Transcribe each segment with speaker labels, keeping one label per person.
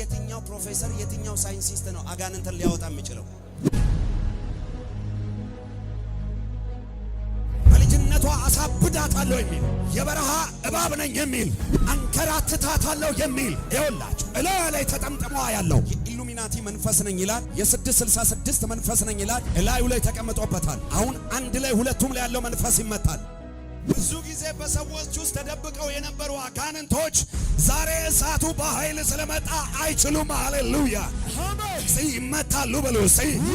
Speaker 1: የትኛው ፕሮፌሰር የትኛው ሳይንሲስት ነው አጋንንትን ሊያወጣ የሚችለው? በልጅነቷ አሳብዳታለሁ የሚል የበረሃ እባብ ነኝ የሚል አንከራትታታለሁ የሚል ይወላችሁ እላዩ ላይ ተጠምጥመ ያለው የኢሉሚናቲ መንፈስ ነኝ ይላል። የስድስት ስልሳ ስድስት መንፈስ ነኝ ይላል። እላዩ ላይ ተቀምጦበታል። አሁን አንድ ላይ ሁለቱም ላይ ያለው መንፈስ ይመታል። ብዙ ጊዜ በሰዎች ውስጥ ተደብቀው የነበሩ አጋንንቶች ዛሬ እሳቱ በኃይል ስለመጣ አይችሉም። ሃሌሉያ ይመታሉ፣ በሉ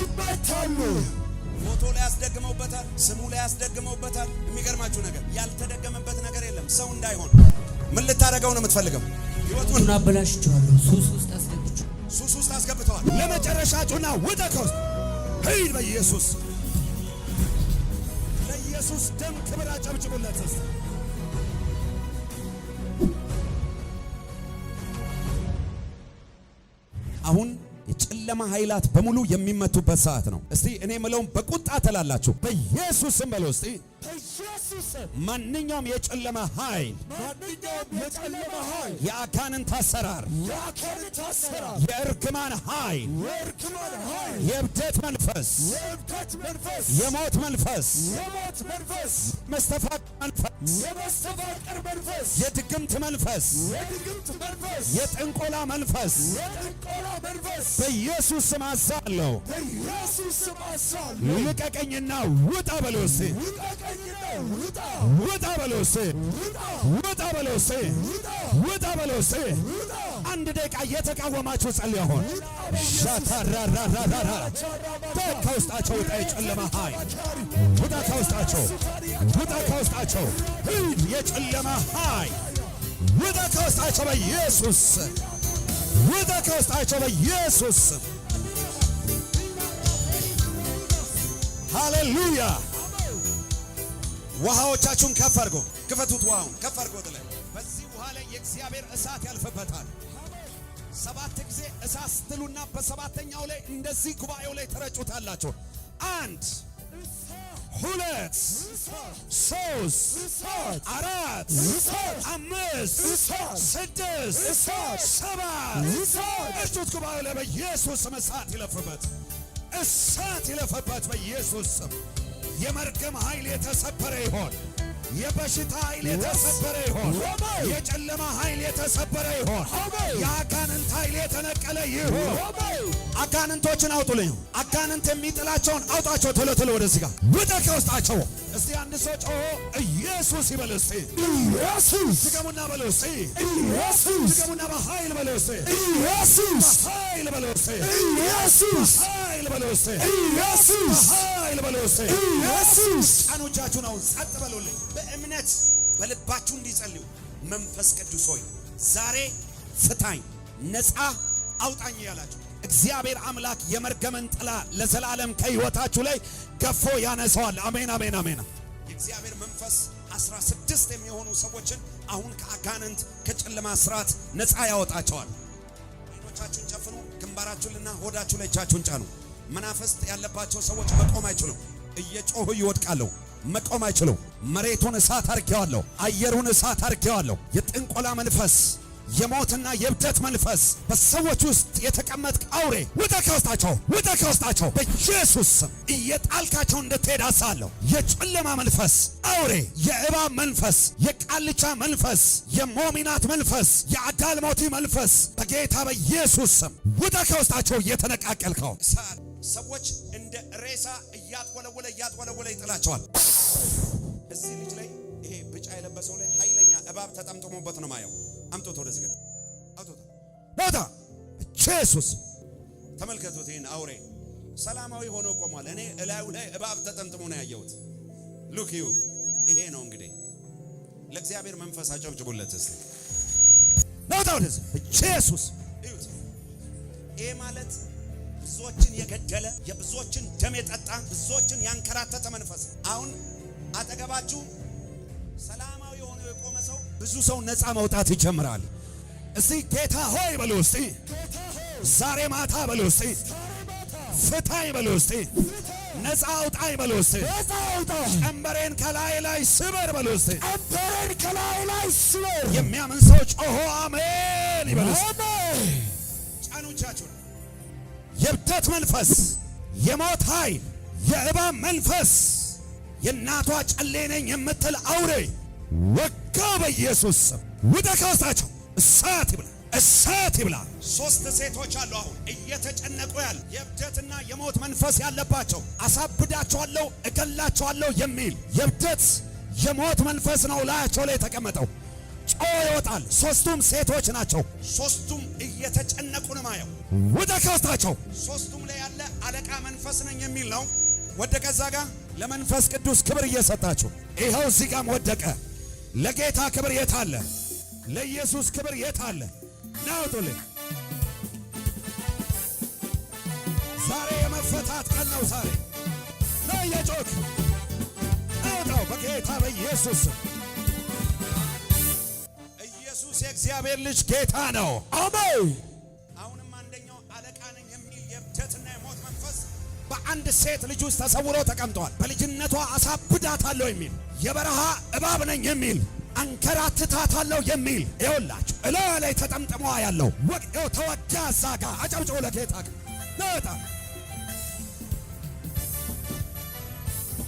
Speaker 1: ይመታሉ። ፎቶ ላይ ያስደግመውበታል፣ ስሙ ላይ ያስደግመውበታል። የሚገርማችሁ ነገር ያልተደገመበት ነገር የለም። ሰው እንዳይሆን ምን ልታደርገው ነው የምትፈልገው?
Speaker 2: ህይወቱን አበላሽቸዋለሁ። ሱስ ውስጥ አስገብቸዋል፣
Speaker 1: ሱስ ውስጥ አስገብተዋል። ለመጨረሻ ጩና ውጣ ሂድ በኢየሱስ ለኢየሱስ ደም ክብር አጨብጭቡለት። ስ አሁን የጨለማ ኃይላት በሙሉ የሚመቱበት ሰዓት ነው። እስቲ እኔ ምለውም በቁጣ ተላላችሁ በኢየሱስ ስም በለው። እስቲ ማንኛውም የጨለማ ኃይል የአጋንንት አሰራር፣ የእርግማን ኃይል፣ የእብደት መንፈስ፣ የሞት መንፈስ፣ መስተፋቅር መንፈስ፣ የድግምት መንፈስ፣ የጥንቆላ መንፈስ በኢየሱስ ስም አዛለሁ። ልቀቀኝና ውጣ በሎሴ ውጣ በሎሴ ውጣ በሎሴ ውጣ በሎሴ። አንድ ደቂቃ የተቃወማችሁ ጸልይ። አሁን ሻታራራራራ ከውስጣቸው ውጣ፣ የጨለማ ኃይል ውጣ ከውስጣቸው ውጣ ከውስጣቸው የጨለማ ኃይል ውጣ ከውስጣቸው በኢየሱስ ስም ውጣ ከውስጣቸው በኢየሱስ ስም። ሃሌሉያ! ውሃዎቻችሁን ከፍ አድርጎ ክፈቱት። ውሃውን ከፍ አድርጎ ላይ በዚህ ውሃ ላይ የእግዚአብሔር እሳት ያልፍበታል። ሰባት ጊዜ እሳት ስትሉና በሰባተኛው ላይ እንደዚህ ጉባኤው ላይ ተረጩታላችሁ። አንድ ሁለት ሶስት አራት አምስት ስድስት ሰባት እርቱት ጉባኤ ላይ በኢየሱስ ስም እሳት ይለፍበት፣ እሳት ይለፍበት በኢየሱስ ስም የመርገም ኃይል የተሰበረ ይሆን። የበሽታ ኃይል የተሰበረ ይሆን። የጨለማ ኃይል የተሰበረ ይሆን። የአጋንንት ኃይል የተነቀለ ይሆን። አጋንንቶችን አውጡልኝ። አጋንንት የሚጥላቸውን አውጣቸው። ቶሎ ቶሎ ወደዚህ ጋር ውጣ ከውስጣቸው። እስቲ አንድ ሰው ጮሆ ኢየሱስ ይበል። እስቲ ኢየሱስ ድገሙና በሉ። እስቲ ኢየሱስ ድገሙና በኃይል በሉ። እስቲ ኢየሱስ በኃይል በሉ። እስቲ ኢየሱስ በኃይል በሉ። እስቲ ኢየሱስ በኃይል በሉ። እስቲ ኢየሱስ ጫኑ። አሁን ጸጥ በሉልኝ። በእምነት በልባችሁ እንዲጸልዩ መንፈስ ቅዱስ ሆይ ዛሬ ፍታኝ፣ ነፃ አውጣኝ ያላችሁ እግዚአብሔር አምላክ የመርገመን ጥላ ለዘላለም ከህይወታችሁ ላይ ገፎ ያነሰዋል አሜን፣ አሜን፣ አሜን። የእግዚአብሔር መንፈስ አስራ ስድስት የሚሆኑ ሰዎችን አሁን ከአጋንንት ከጨለማ ስርዓት ነፃ ያወጣቸዋል። አይኖቻችሁን ጨፍኑ፣ ግንባራችሁንና ሆዳችሁ ላይ እጃችሁን ጫኑ። መናፍስት ያለባቸው ሰዎች መቆም አይችሉም፣ እየጮሁ ይወድቃሉ። መቆም አይችሉም። መሬቱን እሳት አርጌዋለሁ። አየሩን እሳት አርጌዋለሁ። የጥንቆላ መንፈስ፣ የሞትና የብደት መንፈስ በሰዎች ውስጥ የተቀመጥክ አውሬ ውጣ ከውስጣቸው፣ ውጣ ከውስጣቸው በኢየሱስ ስም እየጣልካቸው እንድትሄድ አሳለሁ። የጨለማ መንፈስ አውሬ፣ የእባብ መንፈስ፣ የቃልቻ መንፈስ፣ የሞሚናት መንፈስ፣ የአዳልሞቲ መንፈስ በጌታ በኢየሱስ ስም ውጣ ከውስጣቸው እየተነቃቀልከው ሰዎች እንደ ሬሳ እያትወለወለ እያትወለወለ ይጥላቸዋል። እዚህ ልጅ ላይ ይሄ ብጫ የለበሰው ላይ ኃይለኛ እባብ ተጠምጥሞበት ነው ማየው። አምጦት ወደ ዝገት አውጦታ ቦታ ኢየሱስ ተመልከቱት። ይህን አውሬ ሰላማዊ ሆኖ ቆሟል። እኔ እላዩ ላይ እባብ ተጠምጥሞ ነው ያየሁት። ሉክ ዩ ይሄ ነው እንግዲህ ለእግዚአብሔር መንፈስ አጨብጭቡለት እስቲ ቦታ ወደዚህ ኢየሱስ እዩት። ይሄ ማለት ብዙዎችን የገደለ የብዙዎችን ደም የጠጣ ብዙዎችን ያንከራተተ መንፈስ አሁን አጠገባችሁ ሰላማዊ የሆነ የቆመ ሰው ብዙ ሰው ነፃ መውጣት ይጀምራል። እስቲ ጌታ ሆይ በሉ እስቲ ዛሬ ማታ በሉ እስቲ ፍታኝ በሉ እስቲ ነፃ አውጣኝ በሉ እስቲ ቀንበሬን ከላይ ላይ ስበር በሉ እስቲ ቀንበሬን ከላይ ላይ ስበር። የሚያምን ሰው ጮሆ አሜን ይበሉ እስቲ። የብተት መንፈስ፣ የሞት ኃይል፣ የእባብ መንፈስ የእናቷ ጨሌ ነኝ የምትል አውሬ ወጋ በኢየሱስ ስም ውጣ እሳት ይብላ እሳት ይብላ። ሶስት ሴቶች አሉ አሁን እየተጨነቁ ያለ የእብደትና የሞት መንፈስ ያለባቸው አሳብዳቸዋለሁ፣ እገላቸዋለሁ የሚል የእብደት የሞት መንፈስ ነው ላያቸው ላይ የተቀመጠው። ጮ ይወጣል። ሶስቱም ሴቶች ናቸው። ሶስቱም እየተጨነቁ ነው ማየው። ሶስቱም ላይ ያለ አለቃ መንፈስ ነኝ የሚል ነው ወደ ገዛ ጋር ለመንፈስ ቅዱስ ክብር እየሰጣችሁ ይኸው እዚህ ጋም ወደቀ። ለጌታ ክብር የት አለ? ለኢየሱስ ክብር የት አለ? ናውጡል ዛሬ የመፈታት ቀን ነው። ዛሬ ነው የጮክ በጌታ በኢየሱስ ኢየሱስ የእግዚአብሔር ልጅ ጌታ ነው። አሜን በአንድ ሴት ልጅ ውስጥ ተሰውሮ ተቀምጧል። በልጅነቷ አሳብዳታለሁ የሚል የበረሃ እባብ ነኝ የሚል አንከራትታታለሁ የሚል ይኸውላችሁ፣ እላ ላይ ተጠምጥሞ ያለው ወቅው ተወዳ እዛ ጋ አጨብጭቦ ለጌታ ነጣ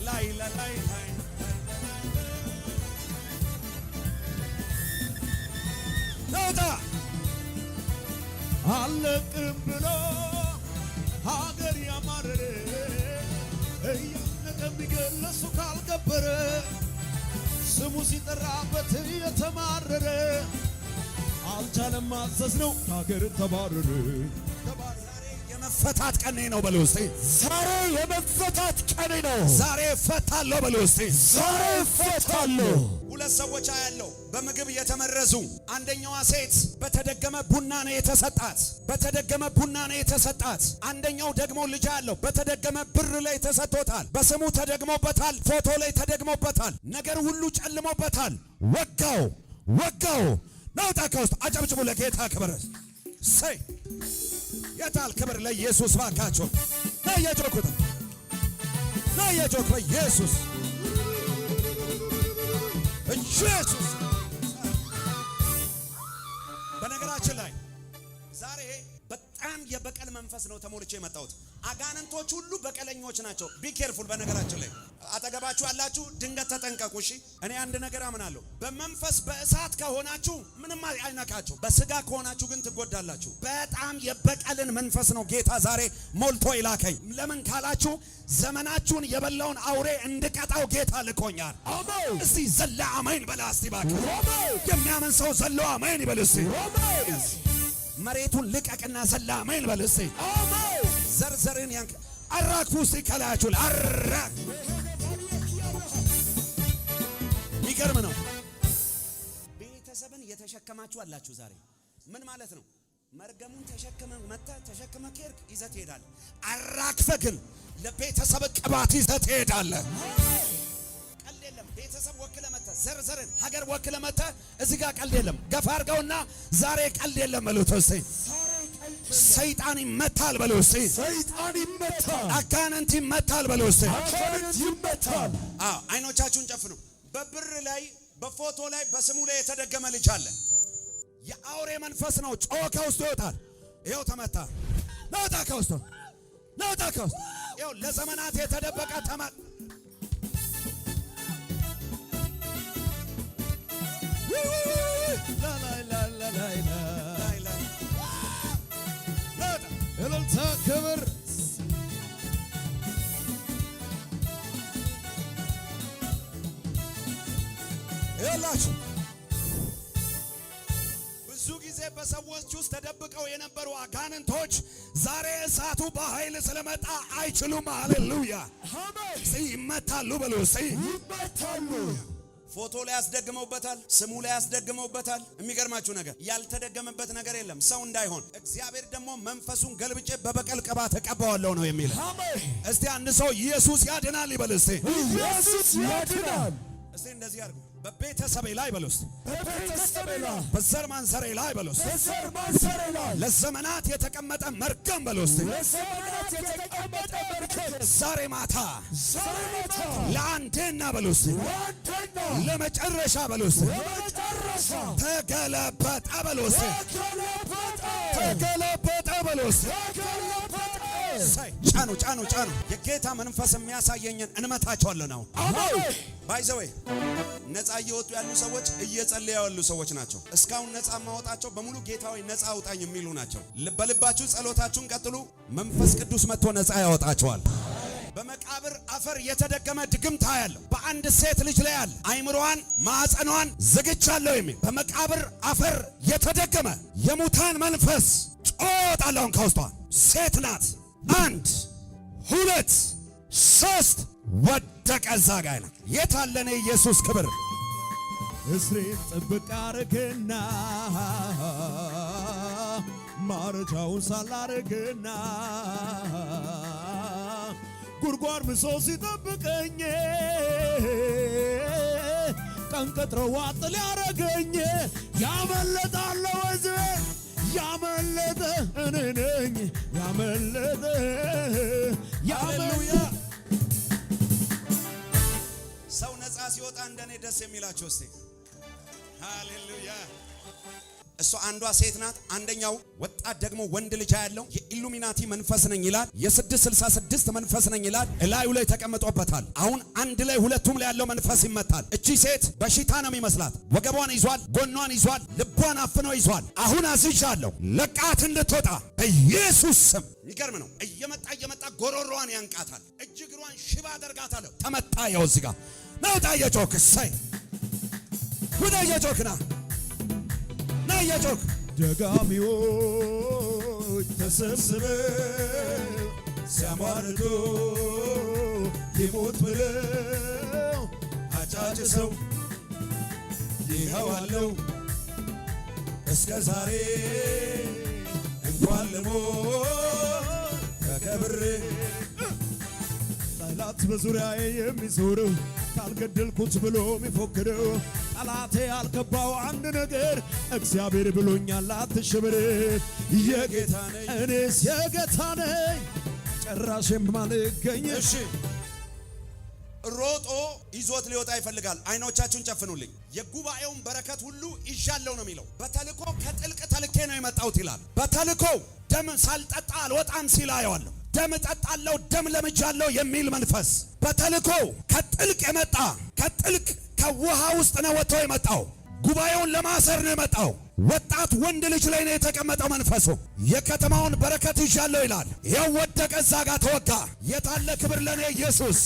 Speaker 1: ላይ ላይ ነጣ አለቅም ብሎ ያማረረ እያነቀ የሚገለሱ ካልገበረ ስሙ ሲጠራበት የተማረረ አልቻለም ማዘዝ ነው ከሀገር ተባረረ። የመፈታት ቀኔ ነው በል ውስጤ ዛሬ የመፈታት ቀኔ ነው። ዛሬ እፈታለሁ በል ውስጤ ዛሬ እፈታለሁ። ሁለት ሰዎች አያለው በምግብ የተመረዙ። አንደኛዋ ሴት በተደገመ ቡና ነው የተሰጣት፣ በተደገመ ቡና ነው የተሰጣት። አንደኛው ደግሞ ልጅ አለው በተደገመ ብር ላይ ተሰጥቶታል። በስሙ ተደግሞበታል፣ ፎቶ ላይ ተደግሞበታል፣ ነገር ሁሉ ጨልሞበታል። ወጋው ወጋው ናውጣ ከውስጥ አጨብጭቡ ለጌታ ክብር። ሰይ የታል ክብር ለኢየሱስ ባካቸው ና የጮኩት ና በኢየሱስ በኢየሱስ በነገራችን ላይ ዛሬ በጣም የበቀል መንፈስ ነው ተሞልቼ የመጣሁት። አጋንንቶች ሁሉ በቀለኞች ናቸው። ቢኬርፉል በነገራችን ላይ አጠገባችሁ ያላችሁ ድንገት ተጠንቀቁ። እሺ እኔ አንድ ነገር አምናለሁ። በመንፈስ በእሳት ከሆናችሁ ምንም አይነካችሁ፣ በስጋ ከሆናችሁ ግን ትጎዳላችሁ። በጣም የበቀልን መንፈስ ነው ጌታ ዛሬ ሞልቶ ይላከኝ። ለምን ካላችሁ ዘመናችሁን የበላውን አውሬ እንድቀጣው ጌታ ልኮኛል። እስቲ ዘለ አሜን በላ። እስቲ እባክህ የሚያምን ሰው ዘሎ አሜን ይበል። እስቲ መሬቱን ልቀቅና ዘለ አሜን በል እስቲ ዘርዘርን ያን አራግፉ ውስጥ ከላያችሁ አራ ይገርም ነው። ቤተሰብን የተሸከማችሁ አላችሁ ዛሬ ምን ማለት ነው? መርገሙን ተሸክመ መታ ተሸክመ ከርክ ይዘት ትሄዳለህ። አራግፈ ግን ለቤተሰብ ቅባት ይዘት ትሄዳለህ። ቀልድ የለም። ቤተሰብ ወክለ መተ ዘርዘርን ሀገር ወክለ መተ እዚህ ጋር ቀልድ የለም። ገፋ አድርገውና ዛሬ ቀልድ የለም እሉት እስኪ ሰይጣን ይመታል በለው ሰይጣን ይመታል። አጋንንት ይመታል በለው አጋንንት ይመታል። አዎ፣ አይኖቻችሁን ጨፍኑ። በብር ላይ በፎቶ ላይ በስሙ ላይ የተደገመ ልጅ አለ። የአውሬ መንፈስ ነው። ጮኸ ውስጥ ይወጣል። ይኸው ተመታ። ይኸው ለዘመናት የተደበቀ ተመ ይላችሁ ብዙ ጊዜ በሰዎች ውስጥ ተደብቀው የነበሩ አጋንንቶች ዛሬ እሳቱ በኃይል ስለመጣ አይችሉም። ሃሌሉያ ይመታሉ፣ በሉ ይመታሉ። ፎቶ ላይ ያስደግመውበታል፣ ስሙ ላይ ያስደግመውበታል። የሚገርማችሁ ነገር ያልተደገመበት ነገር የለም ሰው እንዳይሆን። እግዚአብሔር ደግሞ መንፈሱን ገልብጬ በበቀል ቅባት ተቀባዋለሁ ነው የሚል። እስቲ አንድ ሰው ኢየሱስ ያድናል ይበል። እስቲ ኢየሱስ ያድናል። እስቲ እንደዚህ አድርጉ በቤተሰቤ ላይ በሉስ፣ በዘር ማንሰሬ ላይ በሉስ፣ ለዘመናት የተቀመጠ መርገም በሉስ፣ ዛሬ ማታ ለአንዴና በሉስ፣ ለመጨረሻ በሉስ፣ ተገለበጠ በሉስ፣ ተገለበጠ በሉስ፣ ጫኑ ጫኑ ጫኑ። የጌታ መንፈስ የሚያሳየኝን እንመታቸዋለን። አሁን ባይዘዌ ነፃ እየወጡ ያሉ ሰዎች እየጸለዩ ያሉ ሰዎች ናቸው። እስካሁን ነፃ ማወጣቸው በሙሉ ጌታዊ ነፃ አውጣኝ የሚሉ ናቸው። በልባችሁ ጸሎታችሁን ቀጥሉ። መንፈስ ቅዱስ መጥቶ ነፃ ያወጣቸዋል። በመቃብር አፈር የተደገመ ድግምት ታያለሁ። በአንድ ሴት ልጅ ላይ አለ። አይምሮዋን ማዕፀኗን ዘግቻለሁ የሚል በመቃብር አፈር የተደገመ የሙታን መንፈስ ጮጣለውን ከውስጧ ሴት ናት። አንድ ሁለት ሶስት ወደቀ። እዛ ጋ ይላል አለነ ኢየሱስ ክብር እስሬት ጥብቅ አርግና ማረጃውን ሳላርግና ጉርጓር ምሶ ሲጠብቀኝ ቀንቀጥረ ዋጥ ሊያረገኝ ያመለጣለ ሕዝቤ ያመለጠ እኔ ነኝ ያመለጠ ሰው ነፃ ሲወጣ እንደኔ ደስ የሚላቸው እስቲ ሃሌሉያ እሷ አንዷ ሴት ናት። አንደኛው ወጣት ደግሞ ወንድ ልጅ ያለው የኢሉሚናቲ መንፈስ ነኝ ይላል። የ666 መንፈስ ነኝ ይላል። እላዩ ላይ ተቀምጦበታል። አሁን አንድ ላይ ሁለቱም ላይ ያለው መንፈስ ይመታል። እቺ ሴት በሽታ ነው የሚመስላት። ወገቧን ይዟል፣ ጎኗን ይዟል፣ ልቧን አፍኖ ይዟል። አሁን አዝዣለሁ ለቃት እንድትወጣ በኢየሱስ ስም። ይገርም ነው። እየመጣ እየመጣ ጎሮሮዋን ያንቃታል። እጅ እግሯን ሽባ አደርጋታለሁ። ተመታ። ያው እዚህ ጋር ናውጣ እየጮክ ሳይ ወደ እየጮክና እያጮክ ደጋሚዎች ተሰብስበው ሲያሟርቶ ይሞት ብለው አጫጭሰው ይኸዋለው እስከ ዛሬ እንኳን ልሞት ተከብሬ ጠላት በዙሪያዬ የሚዞረው ካልገደልኩት ብሎ የሚፎክረው ጠላቴ አልከባው አንድ ነገር እግዚአብሔር ብሎኛል፣ አትሽብር የጌታ ነኝ እኔስ የጌታ ነኝ ጨራሽም ማልገኝ እሺ ሮጦ ይዞት ሊወጣ ይፈልጋል። አይኖቻችሁን ጨፍኑልኝ። የጉባኤውን በረከት ሁሉ ይዣለሁ ነው የሚለው። በተልኮ ከጥልቅ ተልኬ ነው የመጣሁት ይላል። በተልኮ ደም ሳልጠጣ አልወጣም ሲል አየዋለሁ። ደም እጠጣለሁ፣ ደም ለምጃለሁ የሚል መንፈስ በተልኮ ከጥልቅ የመጣ ከጥልቅ ከውሃ ውስጥ ነው ወጥቶ የመጣው። ጉባኤውን ለማሰር ነው የመጣው። ወጣት ወንድ ልጅ ላይ ነው የተቀመጠው መንፈሱ። የከተማውን በረከት ይዣለሁ ይላል። ይኸው ወደቀ፣ እዛ ጋር ተወጋ። የታለ ክብር ለኔ ኢየሱስ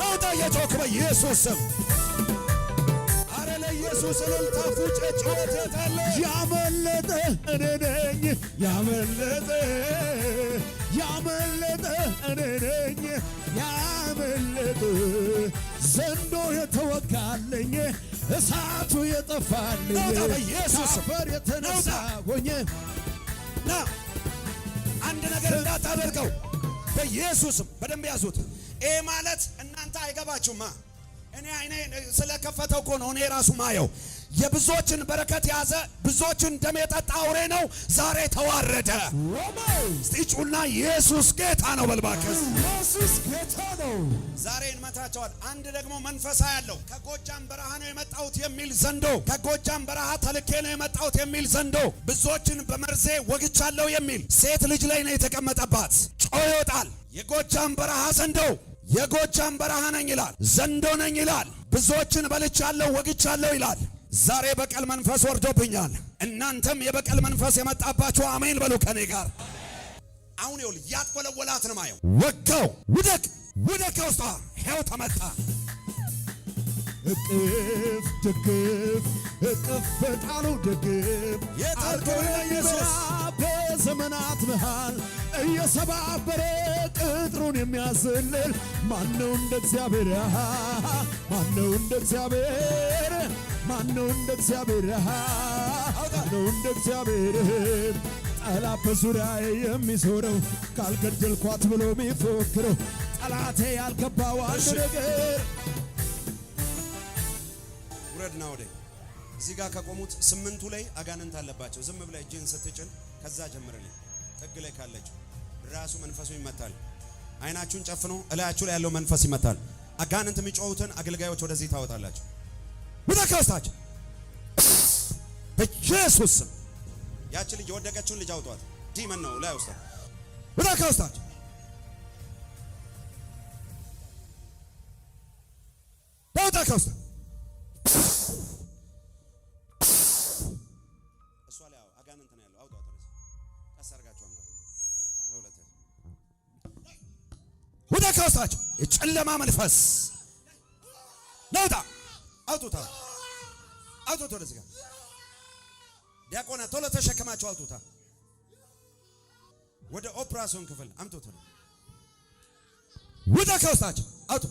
Speaker 1: ነውጣ እየጮክ በኢየሱስ ስም አረ ለኢየሱስ እልልታ፣ ፉጨ፣ ጩኸት የታለ ያመለጠ እኔ ነኝ ያመለጠ ያመለጠ እኔ ነኝ ያመለጠ ዘንዶ የተወጋለኝ እሳቱ የጠፋልኝ ኢየሱስ በር የተነሳ ሆኜ ና አንድ ነገር እንዳታደርገው በኢየሱስም በደንብ ያዙት። ይሄ ማለት እናንተ አይገባችሁማ። እኔ አይኔ ስለከፈተው እኮ ነው እኔ ራሱ ማየው የብዙዎችን በረከት የያዘ ብዙዎችን ደም የጠጣ አውሬ ነው ዛሬ ተዋረደ። ስጢጩና ኢየሱስ ጌታ ነው በልባከስ ኢየሱስ ጌታ ነው። ዛሬ እንመታቸዋል። አንድ ደግሞ መንፈሳ ያለው ከጎጃም በረሃ ነው የመጣሁት የሚል ዘንዶ ከጎጃም በረሃ ተልኬ ነው የመጣሁት የሚል ዘንዶ ብዙዎችን በመርዜ ወግቻለሁ የሚል ሴት ልጅ ላይ ነው የተቀመጠባት። ጮ ይወጣል። የጎጃም በረሃ ዘንዶ የጎጃም በረሃ ነኝ ይላል። ዘንዶ ነኝ ይላል። ብዙዎችን በልቻለሁ ወግቻለሁ ይላል። ዛሬ በቀል መንፈስ ወርዶብኛል። እናንተም የበቀል መንፈስ የመጣባችሁ አሜን በሉ ከኔ ጋር አሁን ይውል ያትወለወላት ነው ማየው ወጋው ውደቅ ውደቅ ውስጧ ሄው ተመታ እቅፍ ድግፍ እቅፍ በቃሉ ድግፍ የታርቆ ኢየሱስ በዘመናት መሃል እየሰባበረ ቅጥሩን የሚያዝልል ማነው እንደ እግዚአብሔር? ማነው እንደ እግዚአብሔር ማነው እንደ እግዚአብሔር? ማነው እንደ እግዚአብሔር? ጠላት በዙሪያዬ የሚዞረው ካልገደልኳት ብሎ የሚፎክረው ጠላቴ ያልገባው አንድ ነገር ውረድና ወደ እዚህ ጋር ከቆሙት ስምንቱ ላይ አጋንንት አለባቸው። ዝም ብላ እጅን ስትጭን ከዛ ጀምርልኝ ጥግ ላይ ካለችው ራሱ መንፈሱ ይመታል። አይናችሁን ጨፍኖ እላያችሁ ላይ ያለው መንፈስ ይመታል። አጋንንት የሚጮሁትን አገልጋዮች ወደዚህ ታወጣላችሁ። ብታካስታችሁ በኢየሱስ ስም ያቺ ልጅ የወደቀችውን ልጅ አውጧት። ዲመን ነው ላይ ውስጥ ብታካስታችሁ ዳውጣ ካስታ እሷ ላይ የጨለማ መንፈስ ነውጣ አውጡታ አውጡት። ወደዚህ ጋር ዲያቆና ቶሎ ተሸክማቸው አውጡታ። ወደ ኦፕራሲዮን ክፍል አምጡት። ውጣ ከውስጣቸው አውጡ።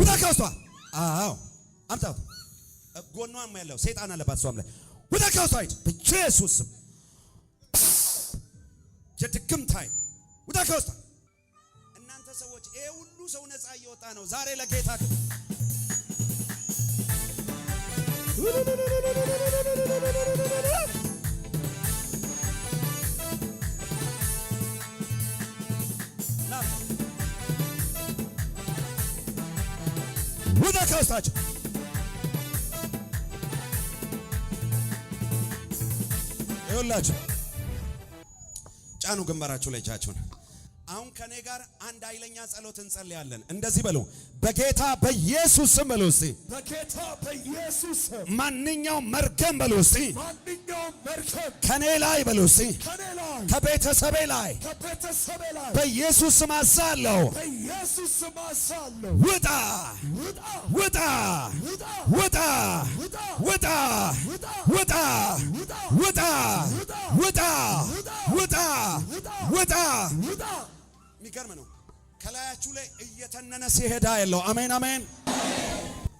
Speaker 1: ውጣ ከውስጧ። አዎ አምጣው። ጎኗም ያለው ሰይጣን አለባት እሷም ላይ ውጣ ከውስጧ። አይት በኢየሱስ ስም ውጣ ከውስጧ ይሄ ሁሉ ሰው ነፃ እየወጣ ነው ዛሬ ለጌታ ይኸውላችሁ ጫኑ ግንባራችሁ ላይ እጃችሁን አሁን ከኔ ጋር አንድ ኃይለኛ ጸሎት እንጸልያለን። እንደዚህ በሉ፣ በጌታ በኢየሱስ ስም በሉ እስቲ፣ በጌታ በኢየሱስ ስም ማንኛውም መርገም በሉ እስቲ፣ ማንኛውም መርገም ከኔ ላይ በሉ እስቲ፣ ከኔ ላይ ከቤተሰቤ ላይ ከቤተሰቤ ላይ በኢየሱስ ስም አዛለሁ፣ በኢየሱስ ስም አዛለሁ። ውጣ ውጣ ውጣ ውጣ ውጣ ውጣ ውጣ ውጣ ውጣ ውጣ የሚገርም ነው። ከላያችሁ ላይ እየተነነ ሲሄዳ ያለው አሜን አሜን።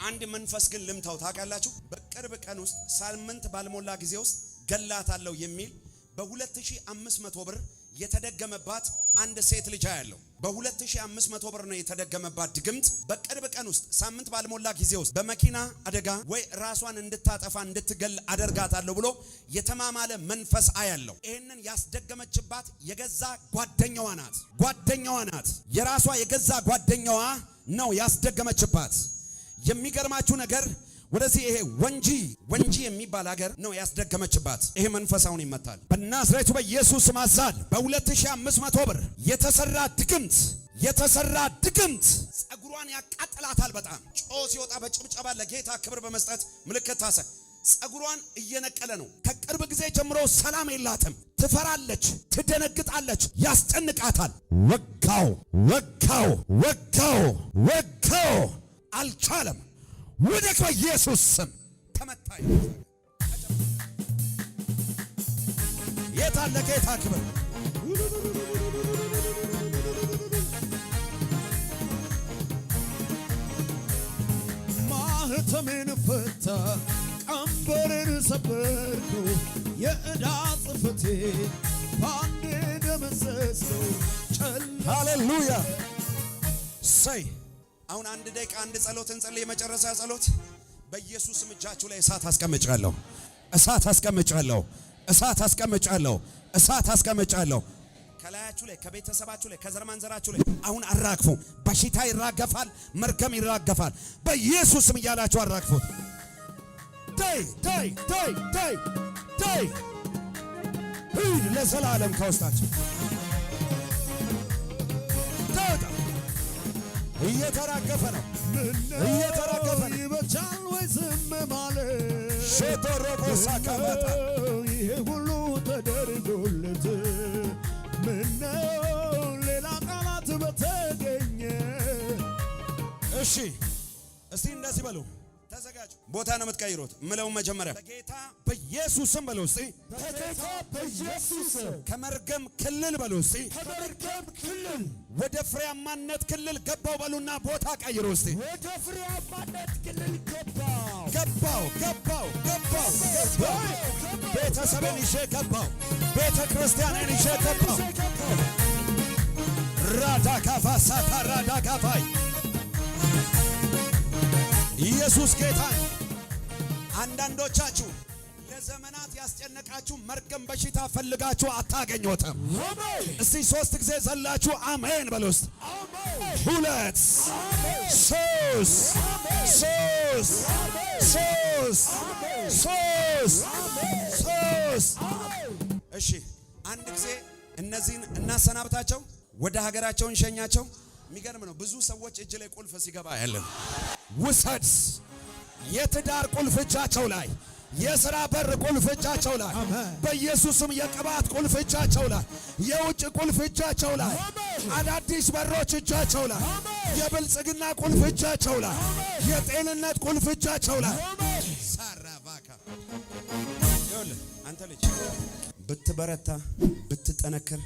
Speaker 1: አንድ መንፈስ ግን ልምታው ታውቃላችሁ። በቅርብ ቀን ውስጥ ሳምንት ባልሞላ ጊዜ ውስጥ ገላታለሁ የሚል በ2500 ብር የተደገመባት አንድ ሴት ልጅ ያለው በ2500 ብር ነው የተደገመባት ድግምት። በቅርብ ቀን ውስጥ ሳምንት ባልሞላ ጊዜ ውስጥ በመኪና አደጋ ወይ ራሷን እንድታጠፋ እንድትገል አደርጋታለሁ ብሎ የተማማለ መንፈስ አያለው። ይህንን ያስደገመችባት የገዛ ጓደኛዋ ናት። ጓደኛዋ ናት። የራሷ የገዛ ጓደኛዋ ነው ያስደገመችባት። የሚገርማችሁ ነገር ወደዚህ ይሄ ወንጂ ወንጂ የሚባል ሀገር ነው ያስደገመችባት። ይሄ መንፈሳውን ይመታል። በናዝሬቱ በኢየሱስ ማዛል በ በ2500 ብር የተሰራ ድግምት የተሰራ ድግምት ጸጉሯን ያቃጥላታል። በጣም ጮ ሲወጣ በጭብጨባ ለጌታ ክብር በመስጠት ምልክት ታሰ ጸጉሯን እየነቀለ ነው። ከቅርብ ጊዜ ጀምሮ ሰላም የላትም። ትፈራለች፣ ትደነግጣለች፣ ያስጨንቃታል። ወጋው ወጋው ወጋው ወጋው፣ አልቻለም። ውደቷ ኢየሱስ ስም ተመታ። የታለ ጌታ ክብር ማህተሜን ፈታ፣ ቀንበርን ሰበርኩ፣ የእዳ ጽፈቴ ባንዴ ደመሰሰው። ጨል ሃሌሉያ ሰይ አሁን አንድ ደቂቃ አንድ ጸሎት እንጸልይ። የመጨረሻ ጸሎት በኢየሱስ እጃችሁ ላይ እሳት አስቀምጫለሁ፣ እሳት አስቀምጫለሁ፣ እሳት አስቀምጫለሁ፣ እሳት አስቀምጫለሁ። ከላያችሁ ላይ ከቤተሰባችሁ ላይ ከዘር ማንዘራችሁ ላይ አሁን አራግፉ። በሽታ ይራገፋል፣ መርገም ይራገፋል። በኢየሱስም እያላችሁ አራግፉት። ተይ ተይ ተይ ተይ ተይ ለዘላለም ከውስጣችሁ እየተራገፈ ነው፣ እየተራገፈ ነው። ይበቻል ወይ ዝም ማለት ይሄ ሁሉ ተደርጎለት ምነው ሌላ ቃላት በተገኘ። እሺ እስቲ እንደዚህ በሉ ቦታ ነው የምትቀይሩት። ምለው መጀመሪያ በጌታ ስም በለው እስቲ፣ በጌታ በኢየሱስ ከመርገም ክልል በለው እስቲ፣ ከመርገም ክልል ወደ ፍሬያማነት ክልል ገባው በሉና ቦታ ቀይሩ እስቲ። ወደ ፍሬያማነት ክልል ገባው፣ ገባው፣ ገባው፣ ገባው፣ ገባው። ቤተሰብን ይዤ ገባው፣ ቤተ ክርስቲያንን ይዤ ገባው። ራዳ ካፋ ሳታ ራዳ ካፋይ ኢየሱስ ጌታ አንዳንዶቻችሁ ለዘመናት ያስጨነቃችሁ መርገም በሽታ ፈልጋችሁ አታገኙትም። እስቲ ሶስት ጊዜ ዘላችሁ አሜን በሉ። ውስጥ ሁለት ሶስት ሶስት ሶስት ሶስት ሶስት። እሺ አንድ ጊዜ እነዚህን እናሰናብታቸው፣ ወደ ሀገራቸውን ሸኛቸው። የሚገርም ነው። ብዙ ሰዎች እጅ ላይ ቁልፍ ሲገባ ያለን ውሰድ የትዳር ቁልፍ እጃቸው ላይ የሥራ በር ቁልፍ እጃቸው ላይ በኢየሱስም የቅባት ቁልፍ እጃቸው ላይ የውጭ ቁልፍ እጃቸው ላይ አዳዲስ በሮች እጃቸው ላይ የብልጽግና ቁልፍ እጃቸው ላይ የጤንነት ቁልፍ እጃቸው ላይ አንተ ልጅ ብትበረታ ብትጠነክር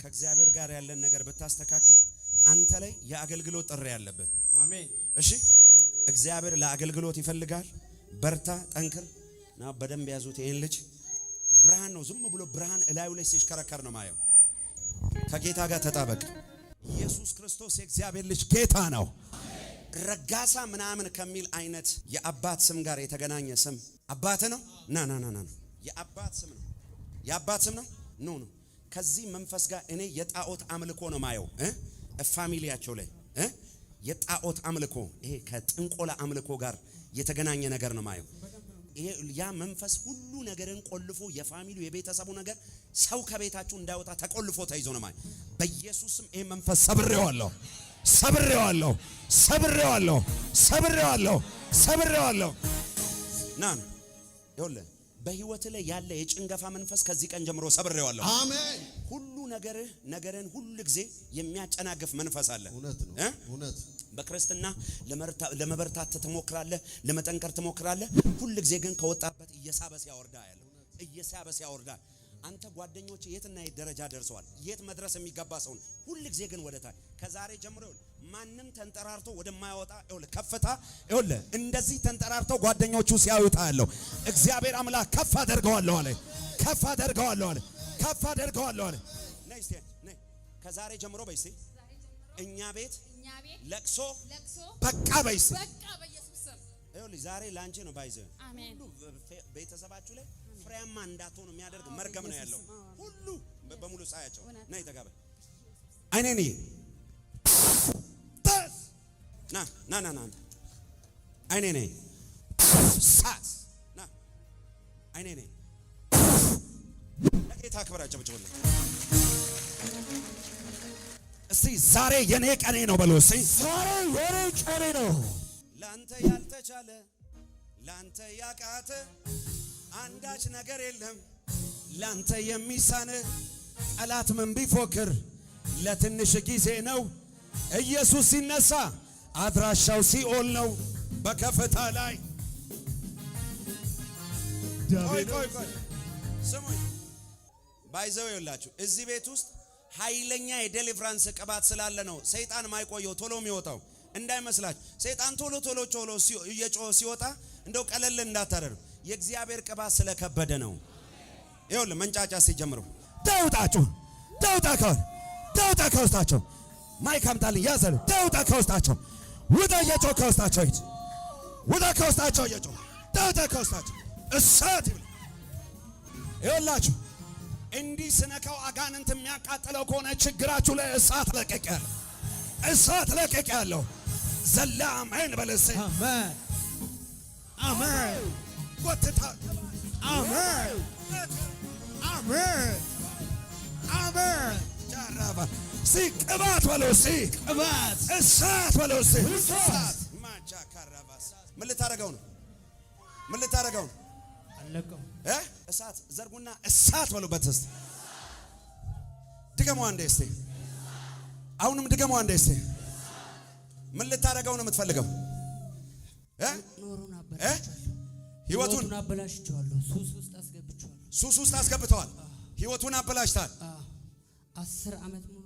Speaker 1: ከእግዚአብሔር ጋር ያለን ነገር ብታስተካክል አንተ ላይ የአገልግሎት ጥሪ ያለብህ። አሜን። እሺ እግዚአብሔር ለአገልግሎት ይፈልጋል። በርታ፣ ጠንክር ና። በደንብ ያዙት ይህን ልጅ። ብርሃን ነው። ዝም ብሎ ብርሃን እላዩ ላይ ሲሽከረከር ነው ማየው። ከጌታ ጋር ተጣበቅ። ኢየሱስ ክርስቶስ የእግዚአብሔር ልጅ ጌታ ነው። ረጋሳ ምናምን ከሚል አይነት የአባት ስም ጋር የተገናኘ ስም አባት ነው። ና ና ና ና የአባት ስም ነው። የአባት ስም ነው። ኖ ነው። ከዚህ መንፈስ ጋር እኔ የጣዖት አምልኮ ነው ማየው ፋሚሊያቸው ላይ እ የጣዖት አምልኮ ይሄ ከጥንቆላ አምልኮ ጋር የተገናኘ ነገር ነው ማየው። ያ መንፈስ ሁሉ ነገርን ቆልፎ የፋሚሉ የቤተሰቡ ነገር ሰው ከቤታችሁ እንዳይወጣ ተቆልፎ ተይዞ ነው ማየው። በኢየሱስም ይሄ መንፈስ ሰብሬዋለሁ፣ ሰብሬዋለሁ፣ ሰብሬዋለሁ፣ ሰብሬዋለሁ፣ ሰብሬዋለሁ። ና ይኸውልህ፣ በህይወት ላይ ያለ የጭንገፋ መንፈስ ከዚህ ቀን ጀምሮ ሰብሬዋለሁ። አሜን። ነገርህ ነገርን ሁሉ ጊዜ የሚያጨናግፍ መንፈስ አለ። እውነት በክርስትና ለመበርታት ትሞክራለህ፣ ለመጠንቀር ትሞክራለህ። ሁሉ ጊዜ ግን ከወጣበት እየሳበስ ያወርዳ ያለ እየሳበስ ያወርዳ አንተ ጓደኞች የትና የት ደረጃ ደርሰዋል፣ የት መድረስ የሚገባ ሰውን ሁል ጊዜ ግን ወደ ታች ከዛሬ ጀምሮ ማንም ተንጠራርቶ ወደማያወጣ ይኸውልህ ከፍታ ይኸውልህ እንደዚህ ተንጠራርተው ጓደኞቹ ሲያዩታ ያለው እግዚአብሔር አምላክ ከፍ አደርገዋለሁ አለ። ከፍ አደርገዋለሁ አለ። ከፍ አደርገዋለሁ አለ። ነይ እስቲ ነይ፣ ከዛሬ ጀምሮ በይ እኛ ቤት ለቅሶ በቃ በይ ይኸውልሽ፣ ዛሬ ላንቺ ነው ባይዘ ሁሉ ቤተሰባችሁ ላይ ፍሬያማ እንዳትሆኑ የሚያደርግ መርገም ነው ያለው። ሁሉ በሙሉ ሳያቸው ነይ ተጋበ አይኔን ና ና ና ና አይኔ ነኝ ሳት ና አይኔ ነኝ ለጌታ ክብር አጨብጭቡለት። እስቲ ዛሬ የኔ ቀኔ ነው በሎ። እስቲ ዛሬ የኔ ቀኔ ነው። ላንተ ያልተቻለ ላንተ ያቃተ አንዳች ነገር የለም ላንተ የሚሳነ ጠላት ምን ቢፎክር ለትንሽ ጊዜ ነው። ኢየሱስ ሲነሳ አድራሻው ሲኦል ነው። በከፍታ ላይ ቆይ ቆይ ቆይ ስሙኝ ባይዘው ይላችሁ እዚህ ቤት ውስጥ ኃይለኛ የዴሊቨራንስ ቅባት ስላለ ነው ሰይጣን ማይቆየው ቶሎ የሚወጣው እንዳይመስላችሁ። ሰይጣን ቶሎ ቶሎ ቶሎ እየጮኸ ሲወጣ እንደው ቀለል እንዳታደርግ የእግዚአብሔር ቅባት ስለከበደ ነው። ይኸውልህ መንጫጫ ሲጀምሩ ተውጣችሁ ተውጣ ከውል ተውጣ ከውስጣቸው ማይክ አምጣልኝ ያዘሉ ተውጣ ከውስጣቸው ውጣ እየጮ ከውስጣቸው ሂድ ውጣ ከውስጣቸው እየጮ ተውጣ ከውስጣቸው እሳት ይብላ ይኸውላችሁ እንዲህ ስነካው አጋንንት የሚያቃጥለው ከሆነ ችግራችሁ ላይ እሳት ለቀቅ ያለሁ እሳት ለቀቅ ያለሁ ዘላ አሜን በለሴ አሜን አሜን ጎትታ አሜን አሜን አሜን ጃራባ ሲቅባት በለው ሲቅባት እሳት በለው ሲ እሳት ማጃ ካራባስ ምን ልታረገው ነው? ምን ልታረገው ነው? አለቀው እ እሳት ዘርጉና እሳት በሉበት። እስቲ ድገሙ አንዴ። እስቲ አሁንም ድገሙ አንዴ። እስቲ ምን ልታደርገው ነው የምትፈልገው? ህይወቱን ሱስ ውስጥ አስገብተዋል። ህይወቱን አበላሽታል። አስር ዓመት ሙሉ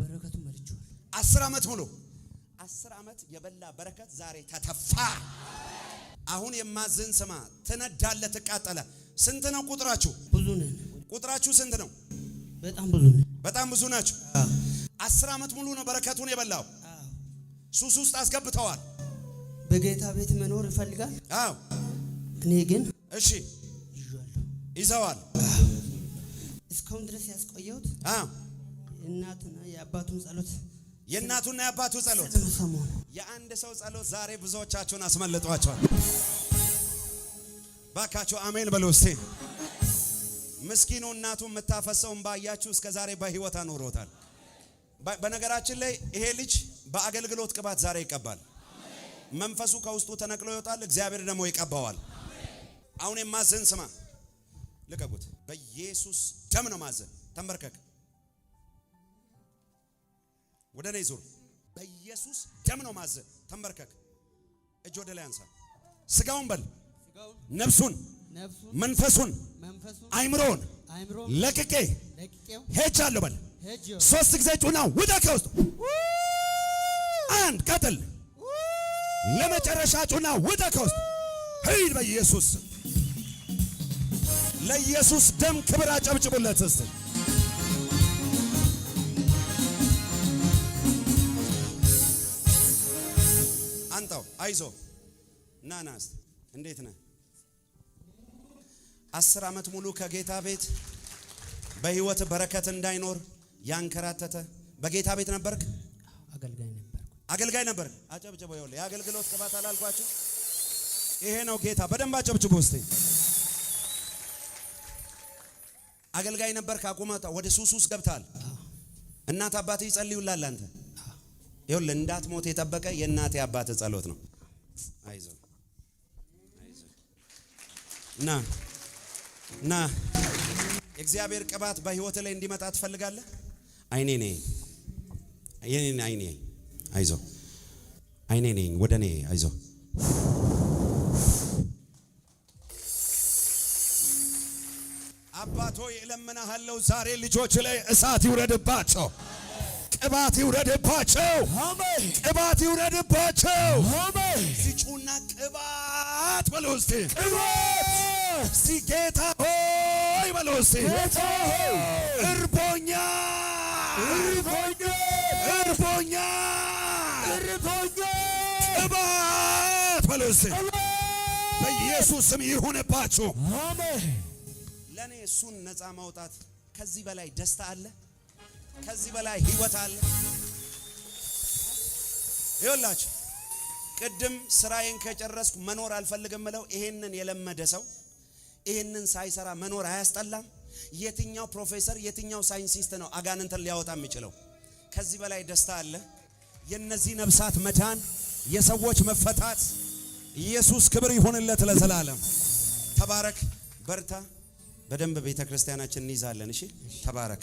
Speaker 1: በረከቱን መልቼዋለሁ። አስር ዓመት ሙሉ አስር ዓመት የበላ በረከት ዛሬ ተተፋ። አሁን የማዝን ስማ፣ ትነዳለህ፣ ትቃጠለህ ስንት ነው ቁጥራችሁ? ብዙ ነን። ቁጥራችሁ ስንት ነው? በጣም ብዙ ነን። በጣም ብዙ ናችሁ። አስር ዓመት ሙሉ ነው በረከቱን የበላው። ሱስ ውስጥ አስገብተዋል። በጌታ ቤት መኖር ይፈልጋል። አዎ እኔ ግን እሺ ይዘዋል። እስካሁን ድረስ ያስቆየሁት እናቱና የአባቱን ጸሎት የእናቱና የአባቱ ጸሎት የአንድ ሰው ጸሎት ዛሬ ብዙዎቻችሁን አስመልጧቸዋል። ባካቸው አሜን በሉ እስቲ። ምስኪኑ እናቱ የምታፈሰውን ባያችሁ እስከ ዛሬ በህይወት አኖሮታል። በነገራችን ላይ ይሄ ልጅ በአገልግሎት ቅባት ዛሬ ይቀባል። መንፈሱ ከውስጡ ተነቅሎ ይወጣል። እግዚአብሔር ደግሞ ይቀባዋል። አሁን የማዘን ስማ፣ ልቀቁት። በኢየሱስ ደም ነው ማዘን። ተንበርከክ፣ ወደ እኔ ዙር። በኢየሱስ ደም ነው ማዘን። ተንበርከክ፣ እጅ ወደ ላይ አንሳ፣ ስጋውን በል ነፍሱን፣ መንፈሱን፣ አይምሮውን ለቅቄ ሄጃለሁ በል። ሶስት ጊዜ ጩና ውጣ ከውስጥ አንድ ቀጥል። ለመጨረሻ ጩና ውጣ ከውስጥ ሂድ በኢየሱስ ለኢየሱስ ደም ክብር አጨብጭቡለት እስቲ። አንተው አይዞ ናናስ እንዴት ነህ? አስር ዓመት ሙሉ ከጌታ ቤት በህይወት በረከት እንዳይኖር ያንከራተተ በጌታ ቤት ነበርክ። አገልጋይ ነበር፣ አገልጋይ ነበር። አጨብጭቦ ይወለ የአገልግሎት ቅባት አላልኳችሁ? ይሄ ነው ጌታ። በደንብ አጨብጭቦ እስቲ። አገልጋይ ነበርክ፣ ካቁመታ ወደ ሱስ ውስጥ ገብታል። እናት አባት ይጸልዩላል። አንተ እንዳት ሞት የጠበቀ የእናቴ አባት ጸሎት ነው። አይዞህ ና ና የእግዚአብሔር ቅባት በህይወት ላይ እንዲመጣ ትፈልጋለህ? አይኔ ነኝ አይኔ ነኝ አይኔ አይዞ አይኔ ነኝ ወደ እኔ አይዞ አባቶ የለምናሃለው ዛሬ ልጆች ላይ እሳት ይውረድባቸው፣ ቅባት ይውረድባቸው፣ ቅባት ይውረድባቸው። ሲጩና ቅባት በል ውስጥ ቅባት እስቲ ጌታ ሆይ በሎ እርቦኛ በኢየሱስ ስም ይሁንባችሁ። ለእኔ እሱን ነፃ ማውጣት ከዚህ በላይ ደስታ አለ። ከዚህ በላይ ህይወት አለ። ይኸውላችሁ ቅድም ስራዬን ከጨረስኩ መኖር አልፈልግም ብለው ይሄንን የለመደ ሰው ይህንን ሳይሰራ መኖር አያስጠላም? የትኛው ፕሮፌሰር የትኛው ሳይንሲስት ነው አጋንንትን ሊያወጣ የሚችለው? ከዚህ በላይ ደስታ አለ? የነዚህ ነብሳት መዳን፣ የሰዎች መፈታት፣ ኢየሱስ ክብር ይሁንለት ለዘላለም። ተባረክ፣ በርታ። በደንብ ቤተ ክርስቲያናችን እንይዛለን። እሺ፣ ተባረክ።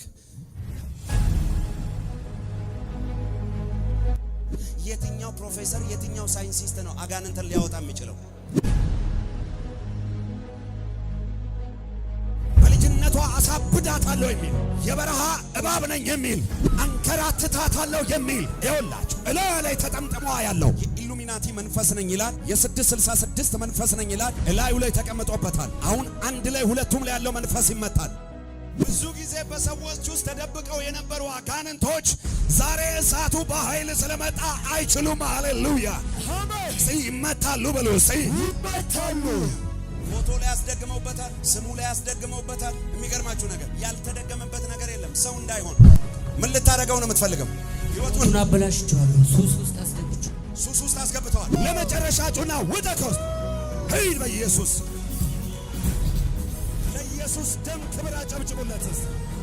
Speaker 1: የትኛው ፕሮፌሰር የትኛው ሳይንሲስት ነው አጋንንትን ሊያወጣ የሚችለው? አሳብዳታለሁ የሚል የበረሃ እባብ ነኝ የሚል አንከራትታታለሁ የሚል ይወላችሁ እላ ላይ ተጠምጥመዋ ያለው የኢሉሚናቲ መንፈስ ነኝ ይላል። የ666 መንፈስ ነኝ ይላል። እላዩ ላይ ተቀምጦበታል። አሁን አንድ ላይ ሁለቱም ላይ ያለው መንፈስ ይመታል። ብዙ ጊዜ በሰዎች ውስጥ ተደብቀው የነበሩ አጋንንቶች ዛሬ እሳቱ በኃይል ስለመጣ አይችሉም። ሃሌሉያ ይመታሉ፣ በሉ ይመታሉ። ፎቶ ላይ ያስደግመውበታል፣ ስሙ ላይ ያስደግመውበታል። የሚገርማችሁ ነገር ያልተደገመበት ነገር የለም። ሰው እንዳይሆን ምን ልታደርገው ነው የምትፈልገው? ህይወቱን አበላሽቼዋለሁ። ሱስ ውስጥ አስገብቼዋለሁ። ሱስ ውስጥ አስገብተዋል። ለመጨረሻ ጩና ውጣ ከውስጥ ሂድ። በኢየሱስ ለኢየሱስ ደም ክብር አጨብጭቡለት።